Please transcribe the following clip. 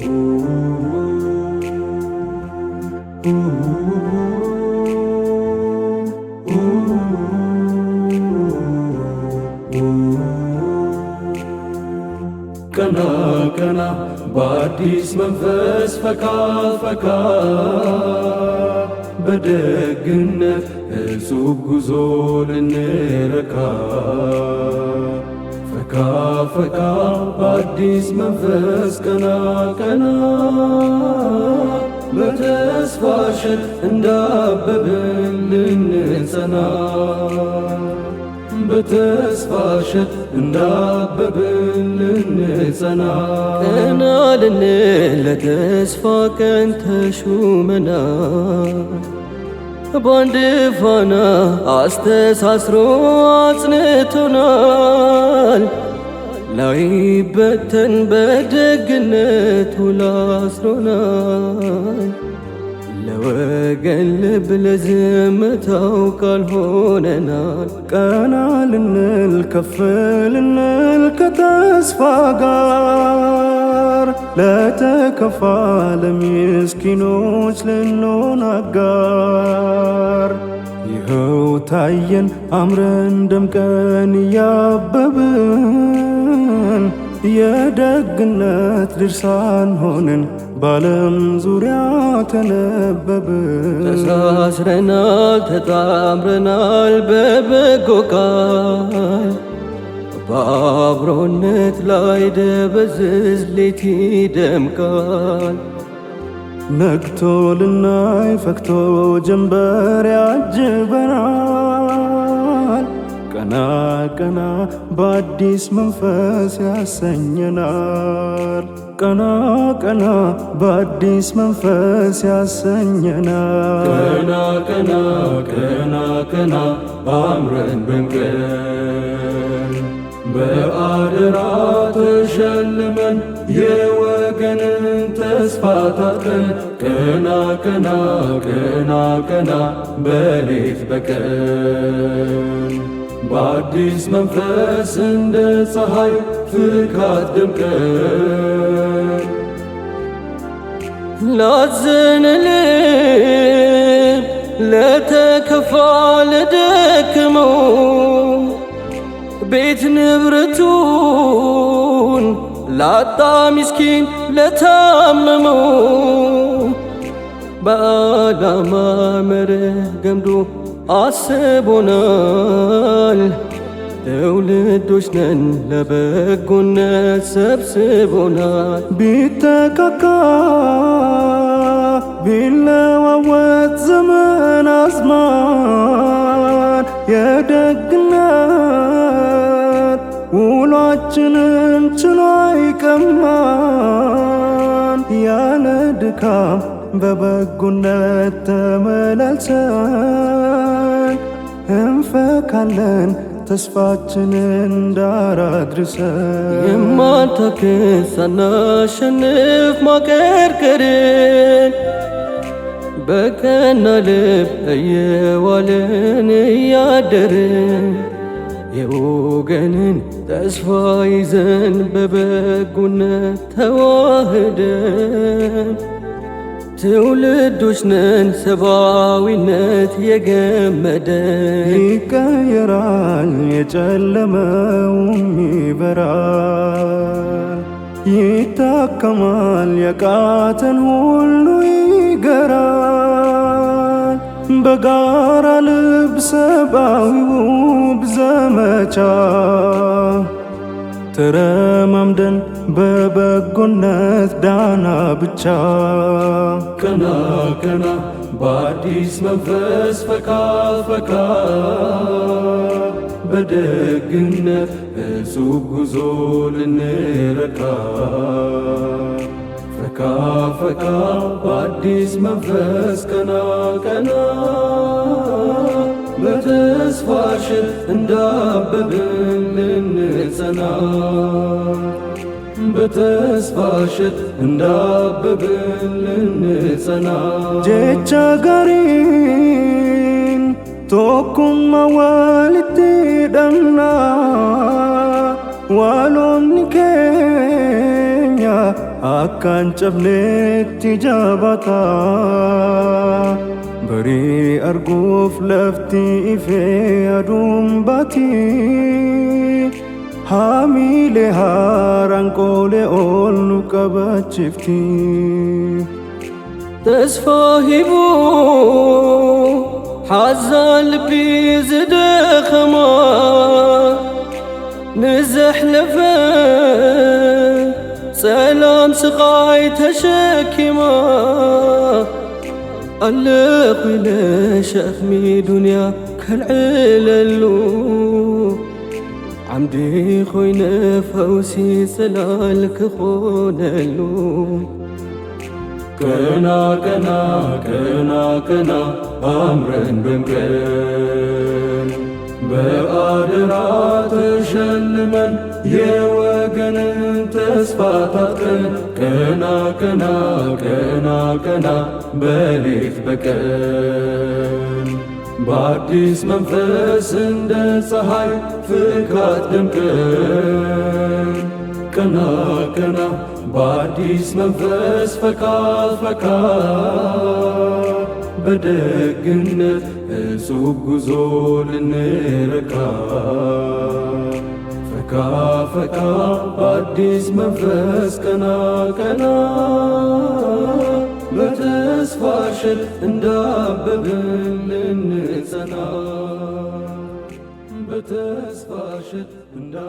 ቀና ቀና በአዲስ መንፈስ ፈካ ፈካ በደግነት እጹብ ጉዞ ልንረካ ፈካ ፈካ በአዲስ መንፈስ ቀና ቀና በተስፋሽን እንዳበብን ልንጸና በተስፋሽን እንዳበብን ልንጸና ቀና ልንል ለተስፋ ቀን ተሹመና በአንድ ፋና አስተሳስሮ አጽንቶናል። ላይበተን በደግነቱ ላስሮናል። ለወገን ልብ ለዝምታው ቃል ሆነናል። ቀና ልንል ከፍ ልንል ከተስፋ ጋር ለተከፋ ለምስኪኖች ልንሆን አጋር። ይኸው ታየን አምረን ደምቀን እያበብን የደግነት ድርሳን ሆንን ባለም ዙሪያ ተነበብን። ተሳስረናል፣ ተጣምረናል በበጎ ቃል በአብሮነት ላይ ደበዝዝ ሌት ይደምቃል። ነግቶ ልናይ ፈክቶ ጀንበር ያጅበናል። ቀና ቀና በአዲስ መንፈስ ያሰኘናል። ቀና ቀና በአዲስ መንፈስ ያሰኘናል። ቀና ቀና ቀና ቀና አምረን ብንቀር በአደራ ተሸልመን የወገንን ተስፋ ታጥቀን ቀና ቀና ቀና ቀና በሌት በቀን በአዲስ መንፈስ እንደ ፀሐይ ፍካት ደምቀን ላዘነልም ለተከፋ ለደክመው ቤት ንብረቱን ላጣ ሚስኪን ለታመመው በዓላማ መርህ ገምዶ አስቦናል። ትውልዶች ነን ለበጎነት ሰብስቦናል። ቢተካካ ቢለዋወጥ ዘመን አዝማን የደግ ልባችንን ችሎ ይቀማን ያለ ድካም በበጎነት ተመላልሰን እንፈካለን ተስፋችንን ዳር አድርሰን የማንታክት ሳናሸንፍ ማቀርቀርን በቀና ልብ እየዋልን እያደርን የወገንን ተስፋ ይዘን በበጎነት ተዋህደን ትውልዶች ነን ሰብአዊነት የገመደን። ይቀየራል የጨለመውም ይበራል፣ ይታከማል የቃተን ሁሉ ይገራል። በጋራ ልብ ሰብአዊውብ ዘመቻ ተረማምደን በበጎነት ዳና ብቻ ቀና ቀና በአዲስ መንፈስ ፈካ ፈካ በደግነት እጹብ ጉዞ ልንረካ ፈካ ፈካ በአዲስ መንፈስ ቀና ቀና በተስፋሽን እንዳበብን ልንጸና በተስፋሽን እንዳበብን ልንጸና ጀቻ ጋሪን ቶኩማ ዋልቲ ደምና ዋሎምኒ akkaan cabneetti jaabataa barii arguuf lafti ifee aduun batii haamiilee haaraan qoolee ol nu qabachifti. ተስፋ ሂቡ حزن لبي زد خما نزح لفه سلام سقاي تشاكما علق ليش أخمي دنيا اللو عمدي خوي نفوسي سلالك اللو كنا كنا كنا كنا أمرن بمكن بأدرات شلمن يوم የቀንን ተስፋ ታጥቀን ቀና ቀና ቀና ቀና በሌት በቀን በአዲስ መንፈስ እንደ ፀሐይ ፍካት ደምቀን ቀና ቀና በአዲስ መንፈስ ፈካ ፈካ በደግነት እጹብ ጉዞ ልንረካ ፈካ ፈካ በአዲስ መንፈስ ቀና ቀና በተስፋ እንዳበብን ልንጸና በተስፋ እንዳ